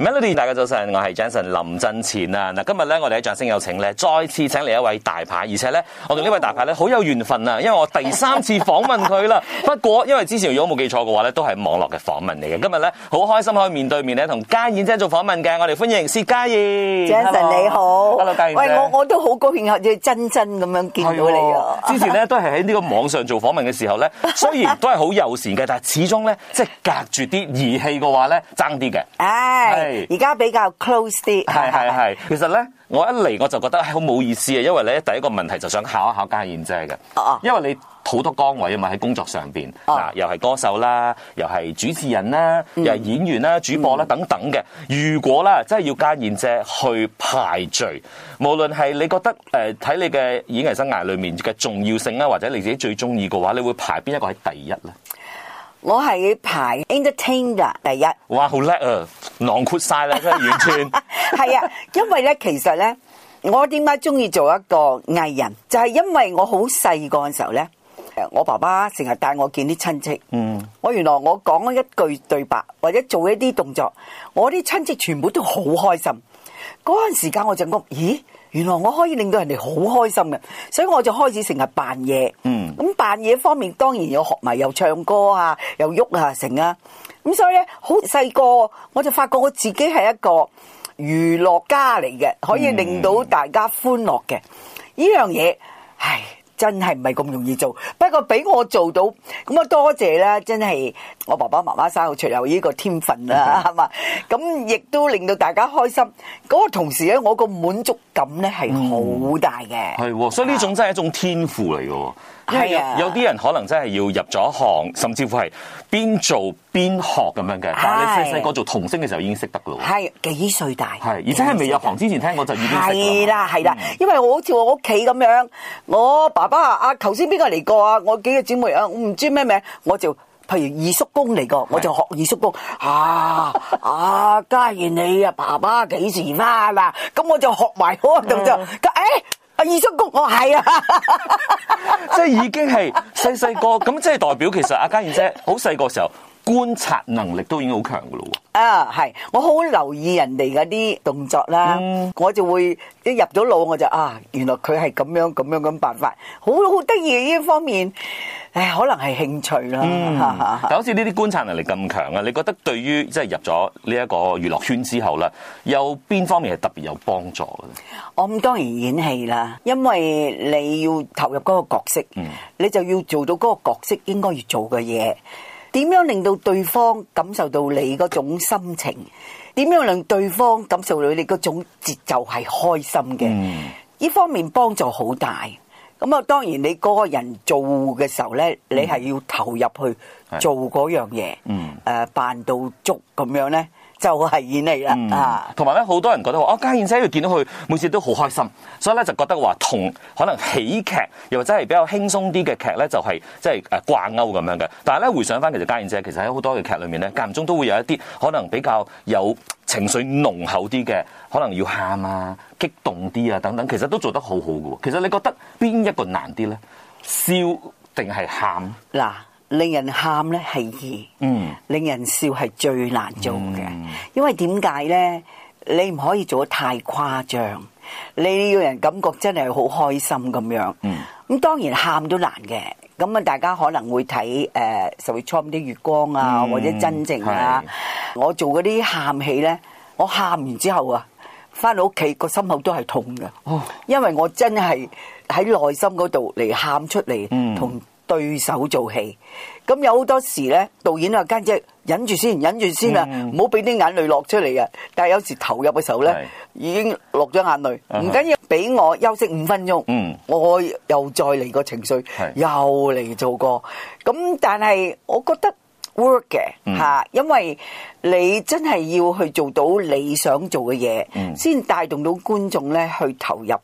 Melody，大家早晨，我係 Jason 林振前啊！嗱，今日咧我哋喺《掌聲有請》咧，再次請嚟一位大牌，而且咧我同呢位大牌咧好有緣分啊！因為我第三次訪問佢啦。 不過因為之前如果冇記錯嘅話咧，都係網絡嘅訪問嚟嘅。今日咧好開心可以面對面咧同家燕姐做訪問嘅，我哋歡迎薛家燕。Jason 你好，Hello 家燕姐，喂我我都好高興啊，真真咁樣見到你啊！之前咧都係喺呢個網上做訪問嘅時候咧，雖然都係好友善嘅，但係始終咧即係隔住啲儀器嘅話咧爭啲嘅。而家比較 close 啲，係係係。其實咧，我一嚟我就覺得好冇意思啊，因為咧，第一個問題就想考一考家燕姐嘅，哦哦，因為你好多崗位啊嘛，喺工作上面，uh -uh. 又係歌手啦，又係主持人啦，mm -hmm. 又係演員啦、主播啦、mm -hmm. 等等嘅。如果咧，真係要家燕姐去排序，無論係你覺得誒睇你嘅演藝生涯裏面嘅重要性啊，或者你自己最中意嘅話，你會排邊一個喺第一咧？我係排 entertainer 第一。哇，好叻啊！囊括晒啦，真係完全 。係啊，因為咧，其實咧，我點解中意做一個藝人，就係、是、因為我好細個嘅時候咧，我爸爸成日帶我見啲親戚。嗯，我原來我講一句對白，或者做一啲動作，我啲親戚全部都好開心。嗰陣時間我就覺得，咦，原來我可以令到人哋好開心嘅，所以我就開始成日扮嘢。嗯，咁扮嘢方面當然有學埋，又唱歌啊，又喐啊，成啊。咁所以咧，好細個我就發覺我自己係一個娛樂家嚟嘅，可以令到大家歡樂嘅呢樣嘢。唉，真係唔係咁容易做。不過俾我做到咁啊，多謝啦！真係我爸爸媽媽生我出嚟有呢個天分啦，係嘛？咁亦都令到大家開心。嗰個同時咧，我個滿足感咧係好大嘅。係，所以呢種真係一種天賦嚟嘅。係啊，有啲人可能真係要入咗行，甚至乎係邊做。邊學咁樣嘅？但係你細細個做童星嘅時候已經識得噶啦，係幾歲大？係，而且係未入行之前，之前聽我就已經識啦。係啦係啦，因為我好似我屋企咁樣，我爸爸啊，頭先邊個嚟過啊？我幾個姊妹啊，我唔知咩名，我就譬如二叔公嚟過，我就學二叔公。啊 啊，家燕你啊，爸爸幾時翻啦？咁我就學埋，咁 就誒、哎，二叔公我係啊，即 係已經係細細個，咁即係代表其實阿家燕姐好細個時候。觀察能力都已經好強噶咯喎！啊，係，我好留意人哋嗰啲動作啦，嗯、我就會一入咗腦我就啊，原來佢係咁樣咁樣咁辦法，好好得意呢一方面，誒，可能係興趣啦。就、嗯、好似呢啲觀察能力咁強啊！你覺得對於即係、就是、入咗呢一個娛樂圈之後咧，有邊方面係特別有幫助嘅咧？我、嗯、咁當然演戲啦，因為你要投入嗰個角色、嗯，你就要做到嗰個角色應該要做嘅嘢。點樣令到對方感受到你嗰種心情？點樣令對方感受到你嗰種節奏係開心嘅？呢、嗯、方面幫助好大。咁啊，當然你嗰個人做嘅時候咧，嗯、你係要投入去做嗰樣嘢，誒、嗯呃，辦到足咁樣咧。就係、是、演戲啦，啊、嗯！同埋咧，好多人覺得話哦，家燕姐佢見到佢每次都好開心，所以咧就覺得話同可能喜劇又或者係比較輕鬆啲嘅劇咧，就係即係誒掛鈎咁樣嘅。但係咧回想翻，其實家燕姐其實喺好多嘅劇裏面咧，間中都會有一啲可能比較有情緒濃厚啲嘅，可能要喊啊、激動啲啊等等，其實都做得好好嘅。其實你覺得邊一個難啲咧？笑定係喊嗱？令人喊咧係易，令人笑係最難做嘅。因為點解咧？你唔可以做得太誇張，你要人感覺真係好開心咁樣。咁當然喊都難嘅，咁啊大家可能會睇，誒，十月初五啲月光啊，或者真情啊。我做嗰啲喊戲咧，我喊完之後啊，翻到屋企個心口都係痛嘅，因為我真係喺內心嗰度嚟，喊出嚟，同，對手做戲，咁有好多時咧，導演啊，家燕姐忍住先，忍住先啊，唔好俾啲眼淚落出嚟啊！但係有時投入嘅時候咧，已經落咗眼淚，唔緊要，俾我休息五分鐘，我又再嚟個情緒，又嚟做過。咁但係我覺得 work 嘅吓，因為你真係要去做到你想做嘅嘢，先帶動到觀眾咧去投入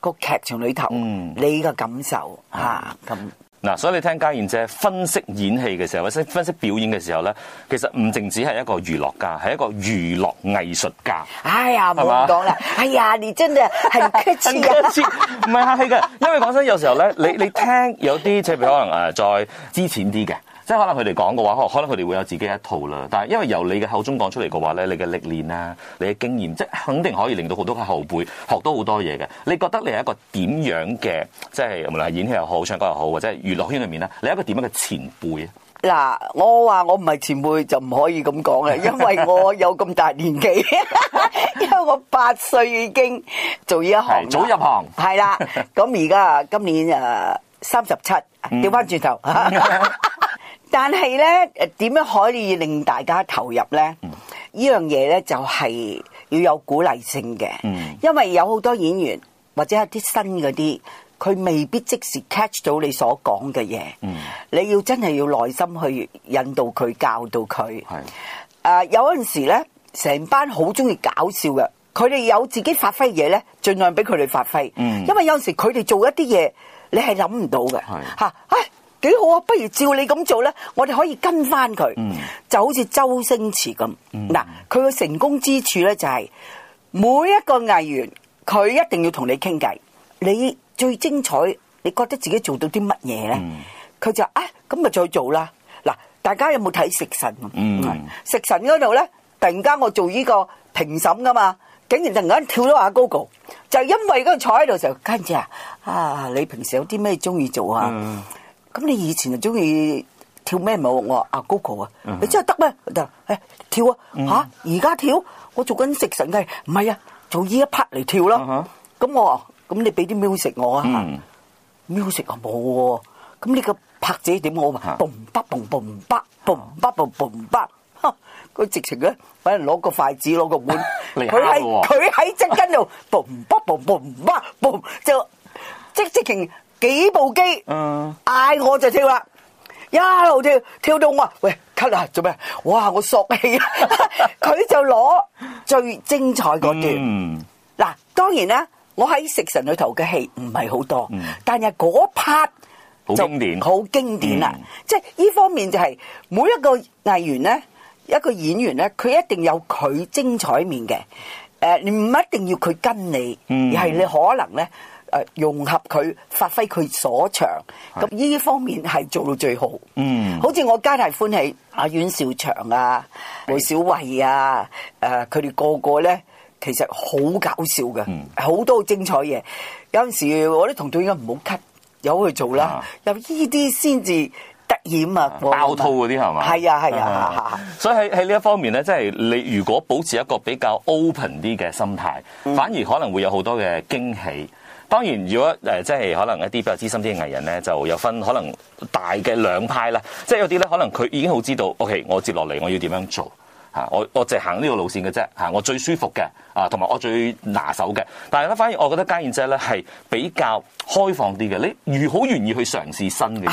個劇場裏頭，你嘅感受吓咁。嗱，所以你聽家燕姐分析演戲嘅時候，或者分析表演嘅時候咧，其實唔淨止係一個娛樂家，係一個娛樂藝術家。哎呀，唔好講啦！ 哎呀，你真的很，啊、 很客氣。客氣，唔係客氣嘅，因為講真，有時候咧，你你聽有啲，即係譬如可能誒，再之前啲嘅。即係可能佢哋講嘅話，可能佢哋會有自己一套啦。但係因為由你嘅口中講出嚟嘅話咧，你嘅歷練啊，你嘅經驗，即係肯定可以令到好多嘅後輩學到好多嘢嘅。你覺得你係一個點樣嘅？即係無論係演戲又好，唱歌又好，或者係娛樂圈裏面咧，你係一個點樣嘅前輩啊？嗱，我話我唔係前輩就唔可以咁講嘅，因為我有咁大年紀， 因為我八歲已經做依一行了，早入行係啦。咁而家今年誒三十七，調翻轉頭。 但係咧，點樣可以令大家投入呢？呢樣嘢呢，就係、是、要有鼓勵性嘅、嗯，因為有好多演員或者一啲新嗰啲，佢未必即時 catch 到你所講嘅嘢。你要真係要耐心去引導佢、教導佢。誒、呃、有陣時呢，成班好中意搞笑嘅，佢哋有自己發揮嘢呢，盡量俾佢哋發揮、嗯。因為有陣時佢哋做一啲嘢，你係諗唔到嘅。嚇！啊哎幾、哎、好啊！不如照你咁做咧，我哋可以跟翻佢、嗯，就好似周星馳咁。嗱、嗯，佢嘅成功之處咧就係、是、每一個藝員，佢一定要同你傾偈。你最精彩，你覺得自己做到啲乜嘢咧？佢、嗯、就啊，咁、哎、咪再做啦。嗱，大家有冇睇食神？嗯、食神嗰度咧，突然間我做呢個評審噶嘛，竟然突然間跳咗下 Google，就是、因為嗰個坐喺度時候，跟住啊啊，你平時有啲咩中意做啊？嗯咁你以前就中意跳咩舞？我話啊 Gogo 啊，你真係得咩？得誒、哎、跳啊嚇！而家、啊、跳，我做緊食神嘅唔係啊，做依一 part 嚟跳啦。咁、啊、我話咁你俾啲 music 我啊，music 啊冇喎。咁呢個拍子點好啊？boom ba boom ba boom ba boom ba boom ba，哈！佢直情咧畀人攞個筷子攞個碗，佢係佢喺側跟度 boom ba boom ba boom 就即即勁。幾部機，嗌我就跳啦，一路跳跳到我話，喂，咳啊，做咩？哇，我索氣，佢就攞最精彩嗰段。嗱，當然咧，我喺食神裏頭嘅戲唔係好多，但係嗰 part 好經典，好經典啊！即係呢方面就係每一個藝員咧，一個演員咧，佢一定有佢精彩面嘅。誒，你唔一定要佢跟你，而係你可能咧。誒、啊、融合佢，發揮佢所長，咁呢方面係做到最好。嗯，好似我家大歡喜，阿、啊、阮兆祥啊，梅小惠啊，佢哋個個咧，其實好搞笑嘅，好、嗯、多很精彩嘢。有陣時我咧同應該唔好 cut，有去做啦，有依啲先至突顯啊！爆粗嗰啲係嘛？係、那個、啊係啊，啊，啊，啊，啊！所以喺喺呢一方面咧，即、就、係、是、你如果保持一個比較 open 啲嘅心態、嗯，反而可能會有好多嘅驚喜。當然，如果呃即係可能一啲比較資深啲嘅藝人咧，就有分可能大嘅兩派啦。即係有啲咧，可能佢已經好知道，OK，我接落嚟我要點樣做。我我直行呢個路線嘅啫，我最舒服嘅啊，同埋我最拿手嘅。但係咧，反而我覺得家燕姐咧係比較開放啲嘅，你如好願意去嘗試新嘅，即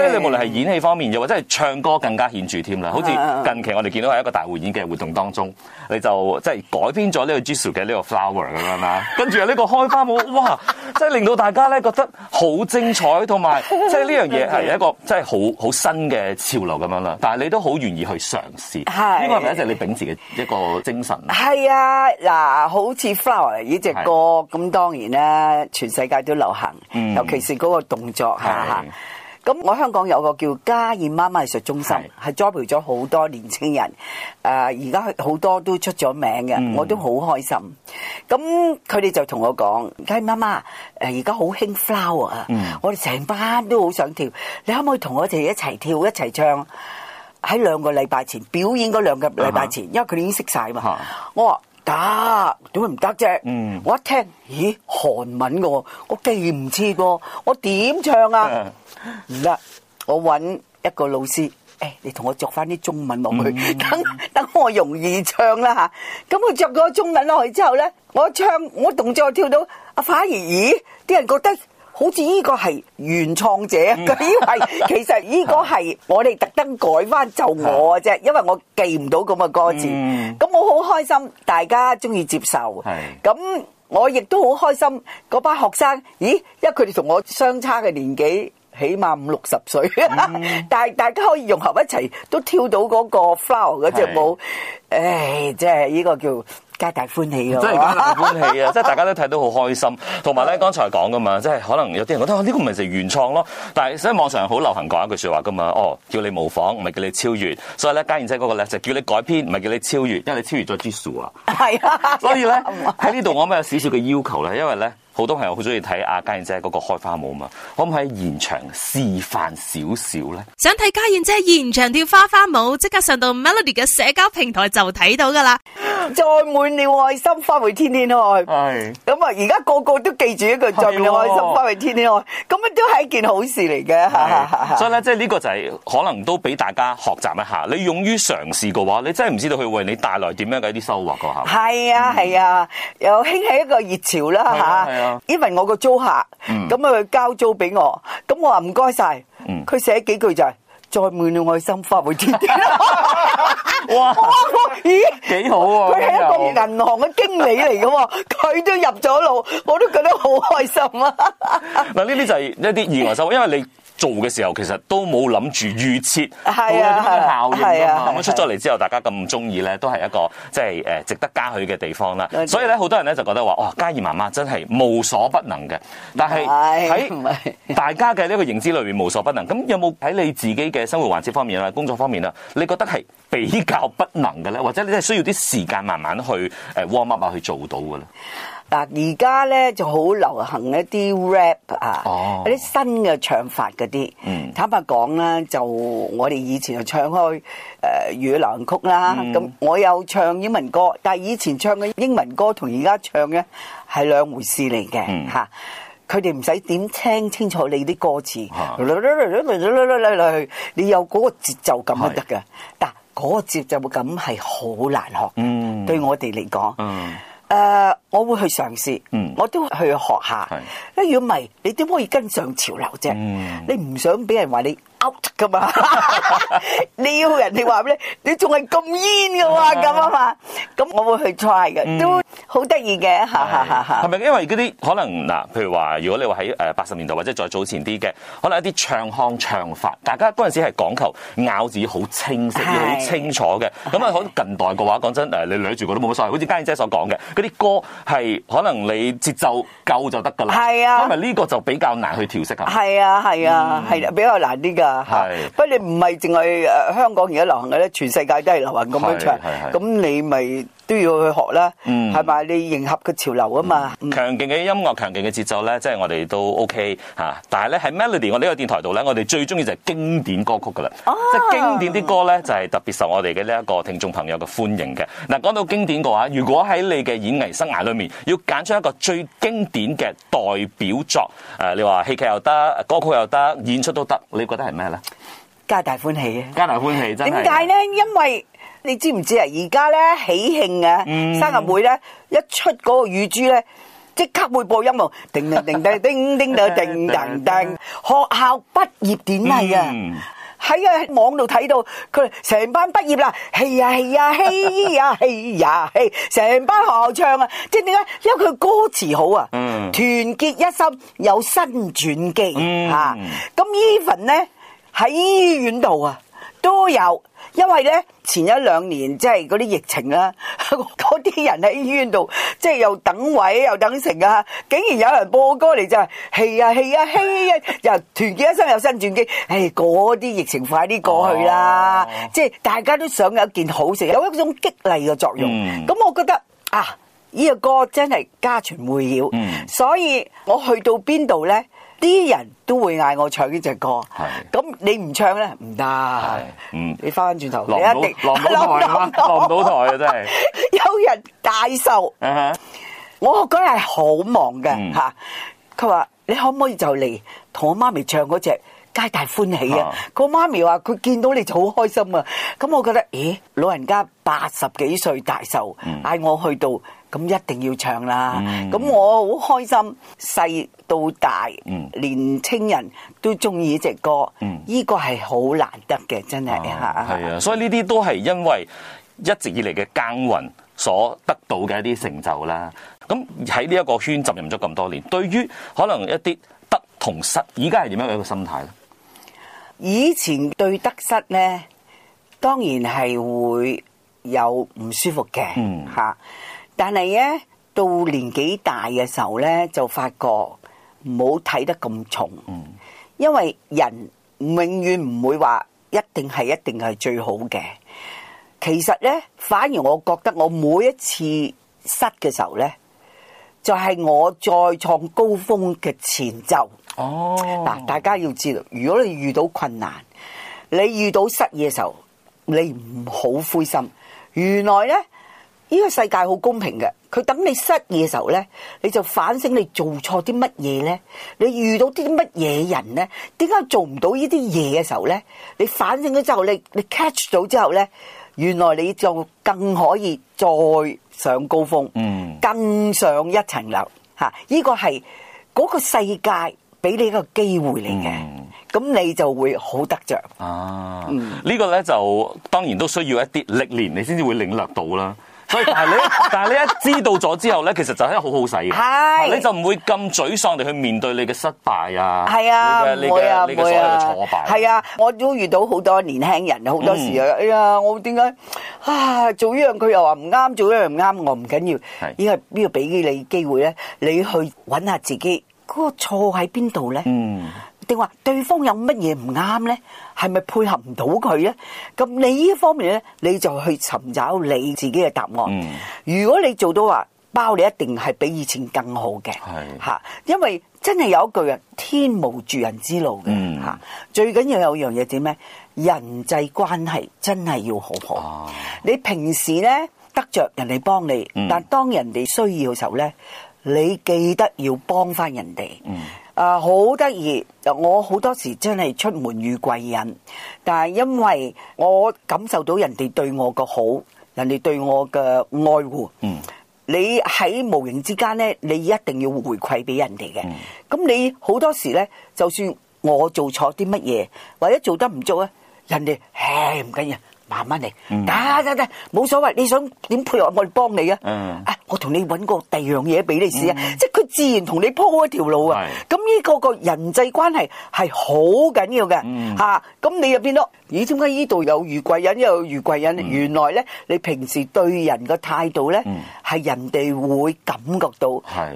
係、就是、你無論係演戲方面又或者係唱歌更加顯著添啦。好似近期我哋見到喺一個大匯演嘅活動當中，你就即係、就是、改編咗呢個 Jisoo 嘅呢個 Flower 咁樣啦，跟住呢個開花舞哇，即 係令到大家咧覺得好精彩，同埋即係呢樣嘢係一個即係好好新嘅潮流咁樣啦。但係你都好願意去嘗試一隻你秉持嘅一個精神，係啊嗱，好似 flower 呢隻歌咁，當然咧全世界都流行，尤其是嗰個動作嚇嚇。咁我香港有個叫家燕媽媽藝術中心，係栽培咗好多年輕人，誒而家好多都出咗名嘅，我都好開心。咁佢哋就同我講，家燕媽媽，誒而家好興 flower 啊！我哋成班都好想跳，你可唔可以同我哋一齊跳一齊唱？喺兩個禮拜前表演嗰兩個禮拜前，啊、因為佢已經識晒嘛，啊。我話得，點會唔得啫？我一聽，咦，韓文嘅，我既唔知噃，我點唱啊？唔、嗯、得，我搵一個老師，誒，你同我着翻啲中文落去，嗯，等等我容易唱啦吓。咁、嗯，我着嗰個中文落去之後咧，我唱，我動作跳到，反而咦，啲人覺得。好似呢個係原創者，佢以為其實呢個係我哋特登改翻就我啫，因為我記唔到咁嘅歌詞，咁我好開心，大家中意接受，咁我亦都好開心，嗰班學生，咦，因為佢哋同我相差嘅年紀。起碼五六十歲，嗯、 但大家可以融合一齊，都跳到嗰個 flow 嗰隻舞，即係呢個叫皆大歡喜咯，大歡喜啊！即 係大家都睇到好開心，同埋咧， 剛才講噶嘛，即係可能有啲人覺得呢個唔係成原創咯，但係所以網上好流行講一句說話噶嘛，哦，叫你模仿唔係叫你超越，所以咧家燕姐嗰個咧就是、叫你改編，唔係叫你超越，因為你超越咗支數啊，係啊，所以咧喺呢度 我咁有少少嘅要求咧，因為咧。好多朋友好中意睇阿家燕姐嗰個開花舞嘛，可唔可以現場示範少少咧？想睇家燕姐現場跳花花舞，即刻上到 Melody 嘅社交平台就睇到㗎喇。載滿了愛心，花會天天開。係咁啊！而家個個都記住一句：載滿了愛心，花會天天開。咁啊，都係一件好事嚟嘅。所以咧，即係呢個就係、是、可能都俾大家學習一下。你勇於嘗試嘅話，你真係唔知道佢為你帶來點樣嘅一啲收穫嘅嚇。係啊，係啊，又興起一個熱潮啦嚇。因為我個租客咁啊，嗯、佢交租俾我，咁我話唔該晒，佢寫幾句就係、是。再滿了愛心，發回啲啲啦！哇！咦，幾好喎！佢係一個銀行嘅經理嚟嘅喎，佢都入咗腦，我都覺得好開心啊！嗱，呢啲就係一啲意外收穫，因為你做嘅時候其實都冇諗住預設，都有嘅效應啦。咁、啊啊啊啊、出咗嚟之後，大家咁中意咧，都係一個即係誒值得嘉許嘅地方啦。所以咧，好多人咧就覺得話：哇、哦，家燕媽媽真係無所不能嘅。但係喺大家嘅呢個認知裏面無所不能。咁有冇喺你自己嘅生活環節方面啊、工作方面啊，你覺得係比較不能嘅咧？或者你係需要啲時間慢慢去誒 warm up 去做到嘅咧？嗱，而家咧就好流行一啲 rap、oh、啊，嗰啲新嘅唱法嗰啲。嗰啲。坦白講咧，就我哋以前就唱開誒粵語流行曲啦。咁、嗯、我有唱英文歌，但係以前唱嘅英文歌同而家唱嘅係兩回事嚟嘅嚇。佢哋唔使點聽清楚你啲歌詞，你有嗰個節奏感都得㗎。但嗰個節奏感係好難學，對我哋嚟講。誒、uh，我會去嘗試、嗯，我都會去學一下。誒，如果唔係，你點可以跟上潮流啫？嗯，你唔想俾人話你。噶 嘛？你要人哋話咩？你仲係咁煙嘅話，咁啊嘛？咁我會去 try 嘅、嗯，都好得意嘅，係咪？因為嗰啲可能嗱，譬如話如果你話喺誒八十年代或者再早前啲嘅，可能一啲唱腔唱法，大家嗰陣時係講求咬字好清晰、好清楚嘅。咁啊，好、嗯、近代嘅話，講真誒，你女住都冇乜所謂。好似家燕姐所講嘅，嗰啲歌係可能你節奏夠就得噶啦。係啊，因為呢個就比較難去調適啊。係啊，係、嗯、啊，係比較難啲噶。係，不過你唔係淨係誒香港而家流行嘅咧，全世界都係流行咁樣唱，係咁你咪。都要去學啦，嗯、係咪？你迎合嘅潮流啊嘛，強勁嘅音樂、強勁嘅節奏咧，即係我哋都 OK 吓。但係咧喺 Melody 我呢個電台度咧，我哋最中意就係經典歌曲噶啦。哦、啊，即係經典啲歌咧，就係特別受我哋嘅呢一個聽眾朋友嘅歡迎嘅。嗱，講到經典嘅話，如果喺你嘅演藝生涯裏面，要揀出一個最經典嘅代表作，誒，你話戲劇又得，歌曲又得，演出都得，你覺得係咩咧？皆大歡喜啊，皆大歡喜真係。點解咧？因為。你知唔知啊？而家咧喜慶啊，生日會咧一出嗰個乳豬咧，即刻會播音樂，叮叮叮叮叮叮叮叮叮叮，學校畢業典禮啊！喺個網度睇到佢成班畢業啦，係啊係啊係啊係啊，成班學校唱啊！即係點解？因為佢歌詞好啊，團結一心有新轉機嚇，咁 even 咧喺醫院度啊都有。因為咧前一兩年即係嗰啲疫情啦，嗰啲人喺醫院度即係又等位又等成啊，竟然有人播歌嚟，就係，氣啊氣啊氣啊！又團結一心，有新轉機，唉、哎，嗰啲疫情快啲過去啦！啊、即係大家都想有一件好事，有一種激勵嘅作用。咁、嗯、我覺得啊，呢、這個歌真係家傳戶曉，嗯、所以我去到邊度咧？啲人都會嗌我唱呢隻歌，咁你唔唱咧唔得，你翻翻轉頭你一定落唔到台啦，落唔到台，到台真係。 有人大壽，uh-huh. 我嗰日係好忙嘅吓，佢話，uh-huh. 你可唔可以就嚟同我媽咪唱嗰隻皆大歡喜啊？個媽咪話，uh-huh。佢見到你就好開心啊，咁我覺得，咦，老人家八十幾歲大壽，嗌我去到，uh-huh.。咁一定要唱啦！咁、嗯、我好開心，細到大，年、嗯、青人都中意呢隻歌，呢、嗯，這個係好難得嘅，真係吓。係啊，啊，啊，所以呢啲都係因為一直以嚟嘅耕耘所得到嘅一啲成就啦。咁喺呢一個圈浸入咗咁多年，對於可能一啲得同失，而家係點樣嘅一個心態咧？以前對得失咧，當然係會有唔舒服嘅吓。嗯啊但係咧，到年紀大嘅時候咧，就發覺唔好睇得咁重，因為人永遠唔會話一定係一定係最好嘅。其實咧，反而我覺得我每一次失嘅時候咧，就係我再創高峰嘅前奏。哦，嗱，大家要知道，如果你遇到困難，你遇到失嘢嘅時候，你唔好灰心。原來咧。呢個世界好公平嘅，佢等你失意嘅時候呢，你就反省你做錯啲乜嘢呢？你遇到啲乜嘢人呢？點解做唔到呢啲嘢嘅時候呢？你反省咗之後，你你 catch 咗之後呢，原來你就更可以再上高峰，嗯，更上一層樓吓。呢個係嗰個世界俾你一個機會嚟嘅，咁你就會好得着啊。呢個呢就當然都需要一啲歷練，你先至會領略到啦。 所以但係你，但係你一知道咗之後咧，其實就係好好使嘅。係、啊，你就唔會咁沮喪地去面對你嘅失敗啊。係啊，唔會、啊、你唔會、你嘅挫敗係啊，我都遇到好多年輕人，好多時啊、嗯，哎呀，我點解啊做呢樣佢又話唔啱，做呢樣唔啱，我唔緊要，要。係，呢個呢個俾你機會咧，你去揾下自己嗰、嗰個錯喺邊度咧。嗯。定話對方有乜嘢唔啱呢？係咪配合唔到佢呢？咁你呢方面呢，你就去尋找你自己嘅答案。嗯。如果你做到話，包你一定係比以前更好嘅吓。因為真係有一句啊，天無絕人之路嘅吓，嗯。最緊要有樣嘢點呢？人際關係真係要好好，啊。你平時呢，得着人哋幫你，嗯，但當人哋需要嘅時候呢，你記得要幫翻人哋。嗯啊，好得意！我好多時真係出門遇貴人，但係因為我感受到人哋對我嘅好，人哋對我嘅愛護。嗯，你喺無形之間呢，你一定要回饋俾人哋嘅。咁你好多時呢，就算我做錯啲乜嘢，或者做得唔足啊，人哋唉，唔緊要。慢慢嚟，得得得，冇所謂。你想點配合，我哋幫你啊！啊，我同你搵個第二樣嘢，俾你試啊！即係佢自然同你鋪一條路啊。咁呢個個人際關係係好緊要嘅吓。咁你又變咗咦，點解呢度有遇貴人，又有遇貴人？原來咧，你平時對人嘅態度咧，係人哋會感覺到。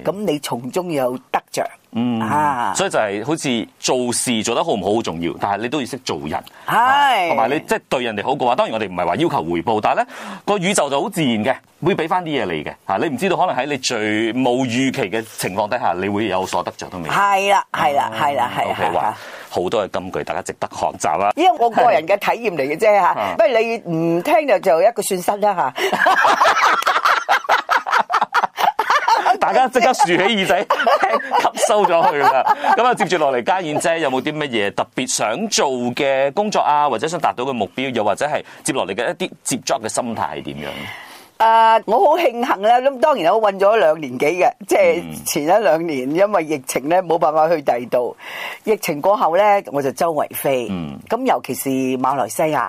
咁你從中又有得着。嗯、啊，所以就係好似做事做得好唔好好重要，但係你都要識做人，係同埋你即係、即係、對人哋好嘅話，當然我哋唔係話要求回報，但係咧、呢個宇宙就好自然嘅，會俾翻啲嘢嚟嘅吓，你唔知道可能喺你最冇預期嘅情況底下，你會有所得着都未。係啦，係啦，係啦，係。OK，話好多嘅金句，大家值得學習啦。因為我個人嘅體驗嚟嘅啫吓，不如你唔聽就就一個損失啦吓。大家即刻豎起耳仔， 吸收咗佢啦。咁啊，接住落嚟，家燕姐有冇啲乜嘢特別想做嘅工作啊，或者想達到嘅目標，又或者係接落嚟嘅一啲接觸嘅心態係點樣？誒、呃，我好慶幸咧。咁當然我揾咗兩年幾嘅，即、就、係、是、前一兩年，嗯、因為疫情咧，冇辦法去第二度。疫情過後咧，我就周圍飛。咁、嗯、尤其是馬來西亞。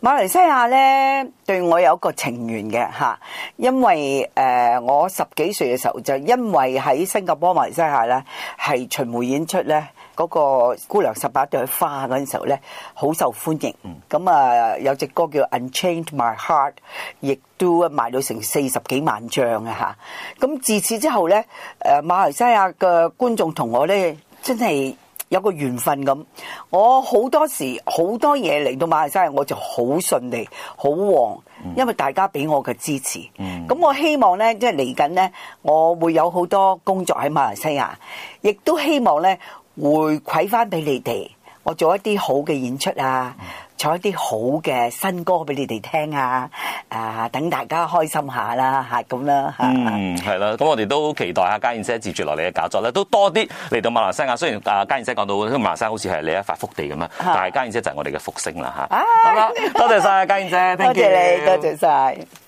馬來西亞咧對我有一個情緣嘅吓，因為誒我十幾歲嘅時候就因為喺新加坡、馬來西亞咧係巡回演出咧嗰個姑娘十八朵花嗰陣時候咧好受歡迎，咁啊有隻歌叫 Unchained My Heart，亦都賣到成四十幾萬張啊吓，咁自此之後咧誒馬來西亞嘅觀眾同我咧真係。有個緣分咁，我好多時好多嘢嚟到馬來西亞，我就好順利、好旺，因為大家俾我嘅支持。嗯。咁我希望呢，即係嚟緊呢，我會有好多工作喺馬來西亞，亦都希望呢，回饋返俾你哋。我做一啲好嘅演出啊，做一啲好嘅新歌俾你哋聽啊，啊，等大家開心下啦，啊，吓咁啦。嗯，係啦，咁我哋都期待下嘉燕姐接住落嚟嘅搞作咧，都多啲嚟到馬來西亞。雖然啊，嘉燕姐講到馬來西亞好似係你一發福地咁啊，但係嘉燕姐就係我哋嘅福星啦吓。好啦，多謝晒嘉燕姐， Thank you. 多謝你，多謝晒。